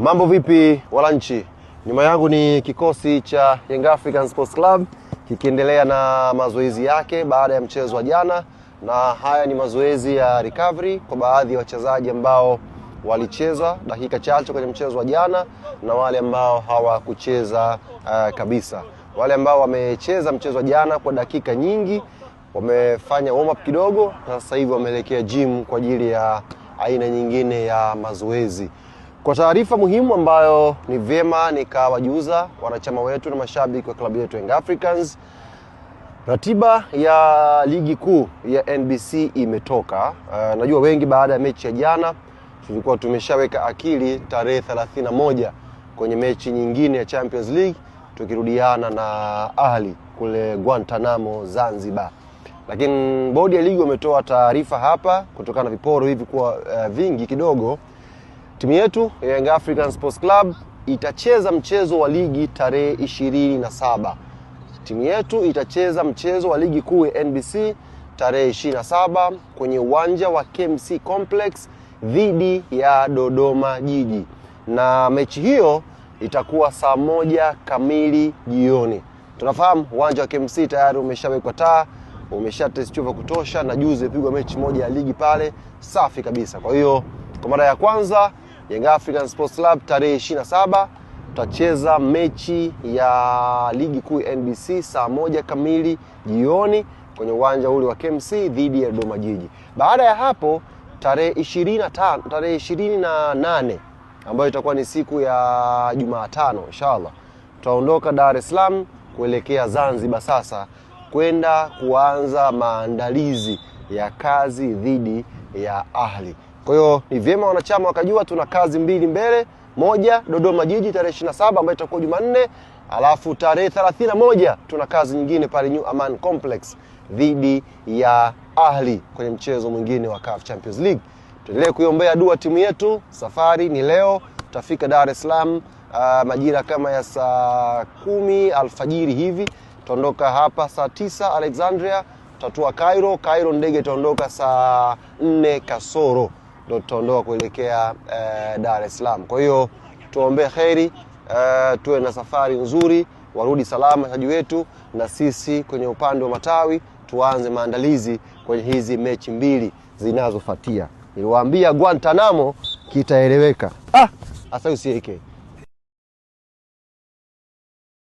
Mambo vipi wananchi? Nyuma yangu ni kikosi cha Young African Sports Club kikiendelea na mazoezi yake baada ya mchezo wa jana, na haya ni mazoezi ya recovery kwa baadhi ya wachezaji ambao walicheza dakika chache kwenye mchezo wa jana na wale ambao hawakucheza uh, kabisa. Wale ambao wamecheza mchezo wa jana kwa dakika nyingi wamefanya warm up kidogo, na sasa hivi wameelekea gym kwa ajili ya aina nyingine ya mazoezi. Kwa taarifa muhimu ambayo ni vyema nikawajuza wanachama wetu na mashabiki wa klabu yetu Young Africans, ratiba ya ligi kuu ya NBC imetoka. Uh, najua wengi baada ya mechi ya jana tulikuwa tumeshaweka akili tarehe 31 kwenye mechi nyingine ya Champions League tukirudiana na Ahli kule Guantanamo, Zanzibar. Lakini bodi ya ligi wametoa taarifa hapa kutokana na viporo hivi kuwa uh, vingi kidogo Timu yetu ya Young African Sports Club itacheza mchezo wa ligi tarehe ishirini na saba. Timu yetu itacheza mchezo wa ligi kuu ya NBC tarehe 27 kwenye uwanja wa KMC Complex dhidi ya Dodoma Jiji, na mechi hiyo itakuwa saa moja kamili jioni. Tunafahamu uwanja wa KMC tayari umeshawekwa taa, umeshatestiwa vya kutosha, na juzi ipigwa mechi moja ya ligi pale, safi kabisa. Kwa hiyo kwa mara ya kwanza Young African Sports Club tarehe 27 tutacheza mechi ya ligi kuu NBC saa moja kamili jioni kwenye uwanja ule wa KMC dhidi ya Dodoma Jiji. Baada ya hapo tarehe 25 tarehe 28 ambayo itakuwa ni siku ya Jumatano inshallah tutaondoka Dar es Salaam kuelekea Zanzibar sasa kwenda kuanza maandalizi ya kazi dhidi ya Ahli. Kwa hiyo ni vyema wanachama wakajua tuna kazi mbili mbele, moja Dodoma Jiji tarehe 27 ambayo itakuwa Jumanne, alafu tarehe 31 tuna kazi nyingine pale New Aman Complex dhidi ya Ahli kwenye mchezo mwingine wa CAF Champions League. Tuendelee kuiombea dua timu yetu. Safari ni leo, tutafika Dar es Salaam uh, majira kama ya saa kumi alfajiri hivi, tutaondoka hapa saa tisa Alexandria tutatua Cairo. Cairo ndege itaondoka saa nne kasoro ndio tutaondoka kuelekea eh, Dar es Salaam. Kwa hiyo tuombee kheri eh, tuwe na safari nzuri, warudi salama saji wetu, na sisi kwenye upande wa matawi tuanze maandalizi kwenye hizi mechi mbili zinazofuatia. Niliwaambia Guantanamo kitaeleweka. Ah, asa